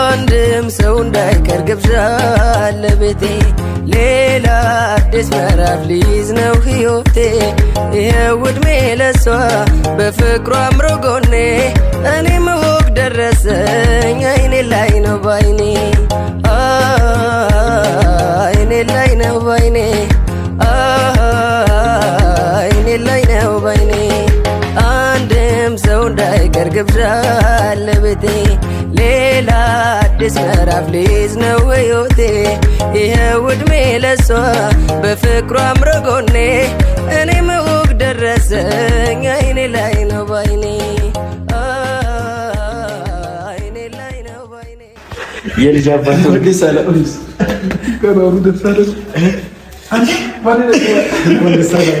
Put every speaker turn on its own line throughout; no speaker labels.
አንድም ሰው እንዳይቀር ግብዣ ለቤቴ ሌላ አዲስ ምዕራፍ ሊይዝ ነው ሕይወቴ። ይኸው ዕድሜ ለሷ በፍቅሯ አምሮ ጎኔ እኔም እወቅ ደረሰኝ አይኔ ላይ ነው ባይኔ አይኔ ላይ ነው ባይኔ ፍቅር ግብዣ ለቤቴ ሌላ አዲስ ምዕራፍ ሊዝ ነው ሕይወቴ ይኸው ዕድሜ ለሷ በፍቅሯ አምረጎኔ እኔ ውብ ደረሰኝ አይኔ ላይ ነው ባይኔ የልጅ አባት ወደ ሰላም ከናሩ ደሳለች አንቺ ባለ ወደ ሰላም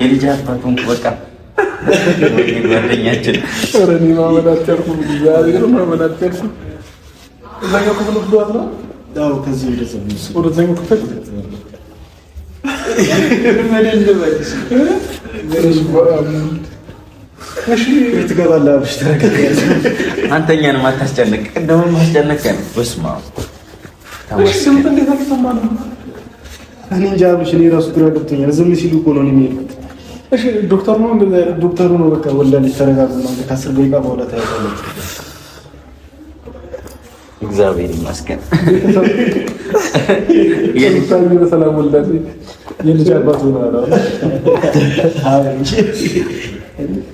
የልጅ አባቱን በቃ ጓደኛችን ትገባለህ አብሽ ተረጋጋ። አታስጨንቅ፣ እንደውም ማስጨነቅ ነው። በስመ እኔ እንጃ እኔ ግራ ገብቶኛል። ዝም ሲሉ እኮ ነው የሚሄዱት። እሺ ዶክተሩ ነው ዶክተሩ ነው። በቃ ወላሂ ተረጋጋ። ከአስር ደቂቃ በኋላ ታያታለች። እግዚአብሔር ይመስገን። ሰላም የልጅ አባት ሆነ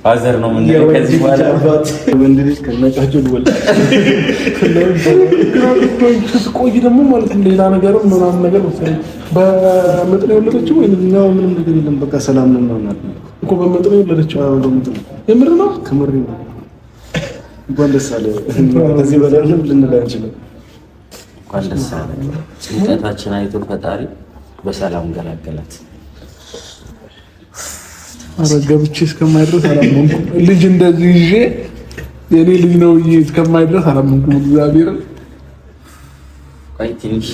ፋዘር ነው ምን ነው ከዚህ በኋላ ወንድ ልጅ ከነጫቸው ልወል ቆይ ደግሞ ማለት ሌላ ነገር ምናምን ነገር መሰለኝ በምጥ ነው የወለደችው ወይ ነው ምንም ነገር የለም በቃ ሰላም ነው ማለት ነው እኮ በምጥ ነው የወለደችው አሁን ነው ምጥ የምር ነው ከምር ነው እንኳን ደስ አለ ከዚህ በላይ ነው ልንል አንችልም እንኳን ደስ አለ ጭንቀታችን አይቶ ፈጣሪ በሰላም ገላገላት አረገብቼ እስከማይደርስ አላመንኩም። ልጅ እንደዚህ ይዤ የኔ ልጅ ነው ይዤ እስከማይደርስ አላመንኩም። እግዚአብሔር ቆይ ትንሽ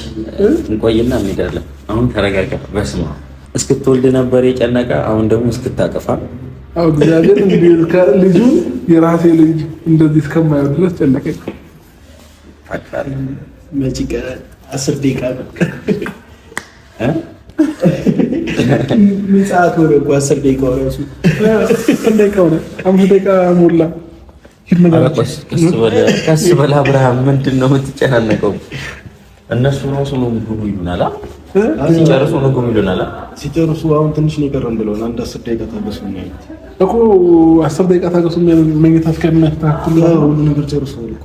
እንቆይና እንሄዳለን። አሁን ተረጋጋ። በስማ እስክትወልድ ነበር የጨነቀ፣ አሁን ደግሞ እስክታቀፋ አው እግዚአብሔር እንዲልከ ልጁ የራሴ ልጅ እንደዚህ እስከማይሆን ድረስ ጨነቀኝ። አስር ደቂቃ ምን ሰዓት እኮ? አስር ደቂቃ ራሱ ደቂቃ ሆነ። አምስት ደቂቃ ሞላ። ቀስ በል አብርሃም፣ ምንድን ነው የምትጨናነቀው? እነሱ ራሱ ነው ምግቡ ይሉናል፣ ሲጨርሱ ምግቡ ይሉናል። ሲጨርሱ አሁን ትንሽ ነው የቀረን አንድ አስር ደቂቃ ታገሱ እኮ አስር ደቂቃ ታገሱ። መኝታ ሁሉ ነገር ጨርሰዋል እኮ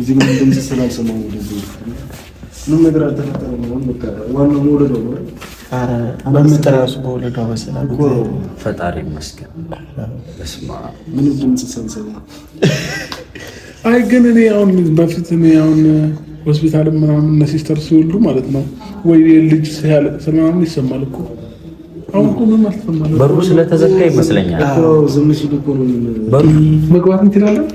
እዚህ ግን ድምጽ ስላልሰማሁ እንደዚህ ምንም ነገር አልተፈጠረም። በቃ ዋናው መውለዷ ነው። ኧረ በምትራሱ በወለዷ በሰላም ፈጣሪ ይመስገን። በስመ አብ ምንም ድምጽ ሳልሰማ አይ ግን እኔ አሁን በፊት እኔ አሁን ሆስፒታል ምናምን እነ ሲስተር ሲወልዱ ማለት ነው ወይ ልጅ ሲያለቅስ ምናምን ይሰማል እኮ አሁን እኮ ምንም አልተሰማም። በሩ ስለተዘጋ ይመስለኛል። ዝም ሲል እኮ ነው መግባት እንችላለን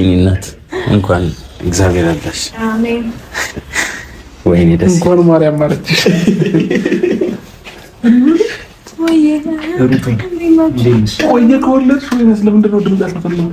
እናት እንኳን እግዚአብሔር አዳሽ። ወይኔ ደስ እንኳን ማርያም ማረች። ቆየ ከወለድሽ ወይስ ለምንድን ነው ድምፅ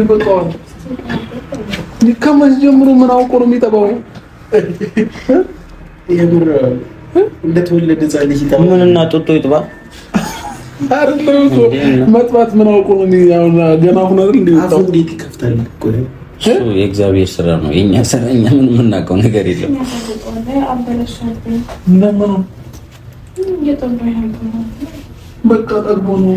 ይበቃዋል። ከመቼ ጀምሮ ምን አውቆ ነው የሚጠባው? የምር እንደተወለደ ህፃን ምን እና ጦጦ ይጥባል። መጥባት ምን አውቆ ነው? ገና ሁን ይከፍታል? የእግዚአብሔር ስራ ነው። የኛ ስራ እኛ ምን የምናውቀው ነገር የለም። በቃ ጠግቦ ነው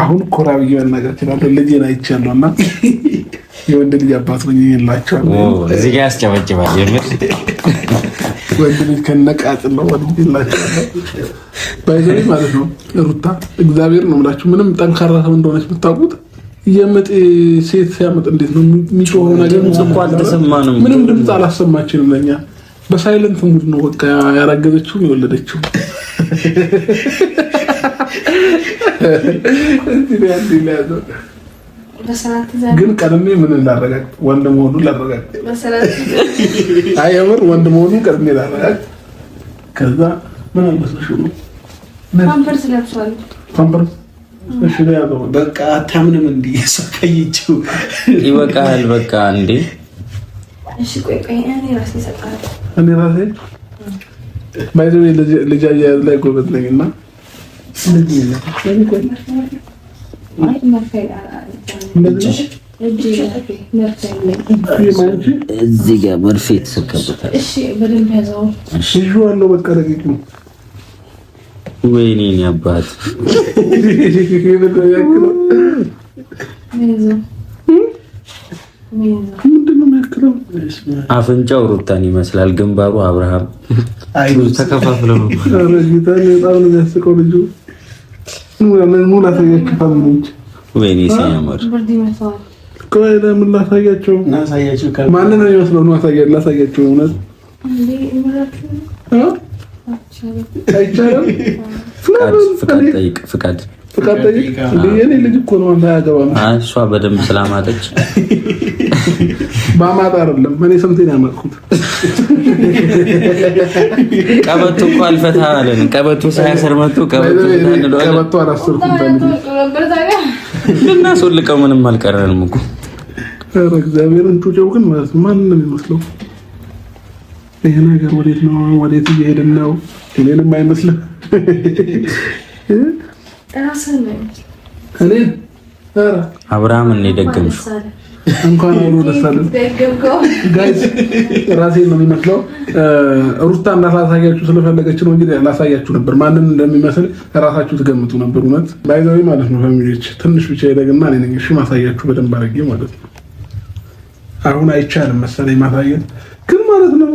አሁን ኮራ ብዬ መናገር እችላለሁ። ልጄን አይቻለሁ እና የወንድ ልጅ አባት ነኝ እላቸዋለሁ። እዚህ ጋ ያስጨበጭባል። ወንድ ልጅ ከነቃጥ ነው ወንድ እላቸዋለሁ። ባይዘ ማለት ነው ሩታ እግዚአብሔር ነው የምላችሁ። ምንም ጠንካራ ሰው እንደሆነች የምታውቁት የምጥ ሴት ሲያመጥ እንዴት ነው የሚጮኸው ነገር ምንም ድምፅ አላሰማችንም። ለኛ በሳይለንት ሙድ ነው በቃ ያረገዘችው የወለደችው ግን ቀድሜ ምን እናረጋግጥ? ወንድ መሆኑን ላረጋግጥ። አይ የምር ወንድ መሆኑን ቀድሜ ላረጋግጥ። ከዛ ምን አልበሰሽው ነው ፓምፐርስ ለብሷል። ፓምፐርስ እሺ፣ ያዘው በቃ አታምንም። እንዲ ሰቀይችው ይበቃል። በቃ እንዴ! እሺ፣ ቆይ ቆይ፣ እኔ ራሴ ሰጣለሁ። እኔ ራሴ ባይዘው ልጅ አያያዝ ላይ ጎበዝ ነኝ እዚህ ጋ መርፌ የተሰካበታል። ዋናው በቃ ረቂቅ ነው። ወይኔ አባት ምንድነው የሚያክለው? አፍንጫው ሩታን ይመስላል፣ ግንባሩ አብርሃም ተከፋፍለ ነው። በጣም ነው የሚያስቀው ልጁ ምን ላሳያችሁ? ፋሚሊዎች ወይኔ ሲያምር ብርድ ይመስላል። ቆይ ለምን ላሳያቸው? ማንን ነው የሚመስለው? ነው አሳያ ላሳያቸው። እውነት አይቻልም። ፍቃድ ፍቃድ የኔ ልጅ እኮ ነው። አንተ አያገባም። እሷ በደንብ ስላማጠች በአማጣ አይደለም። እኔ ስንቴን ያማጥኩት ቀበቶ እኮ አልፈታ አለን። ቀበቶ ሳያሰር መቶ ቀበቶ አላሰርኩም። ልናስወልቀው ምንም አልቀረንም እኮ ኧረ እግዚአብሔርን ጩጬው ግን ማለት ማን ነው የሚመስለው? ይህ ነገር ወዴት ነው? ወዴት እየሄድን ነው? እኔንም አይመስልም እኔ አብርሃምን ነው የደገምሽው። እንኳን አብሮ ደሳለን ራሴን ነው የሚመስለው። ሩታ እንዳላሳያችሁ ስለፈለገች ነው እንግዲህ ላሳያችሁ ነበር። ማንም እንደሚመስል ራሳችሁ ትገምጡ ነበር። እውነት ባይዛዊ ማለት ነው። ፋሚሊዎች ትንሽ ብቻ ይደግና እኔ ነኝ እሺ ማሳያችሁ በደንብ አድርጌ ማለት ነው። አሁን አይቻልም መሰለኝ ማሳየት ግን ማለት ነው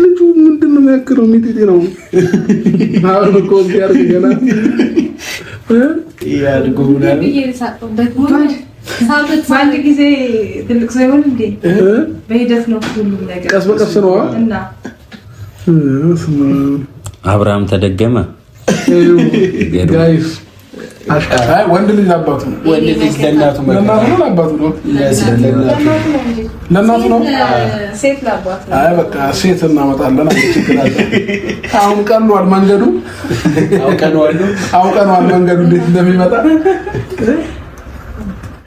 ልጁ ምንድን ነው የሚያክለው? ሚጢጢ ነው። አሁን እኮ ቢያርግ ገና ያድጉ በአንድ ጊዜ ትልቅ ሰው ይሆን እንዴ? በሂደት ነው ሁሉም ነገር፣ ቀስ በቀስ ነው። አብርሃም ተደገመ ጋይስ ወንድ ልጅ አባቱ ነው። ወንድ ልጅ ለእናቱ ነው። አባቱ ነው። ለእናቱ ነው። ሴት ለአባቱ ነው። አይ በቃ ሴት እናመጣለን። አሁን ቀኗል መንገዱ። አሁን ቀኗል መንገዱ እንዴት እንደሚመጣ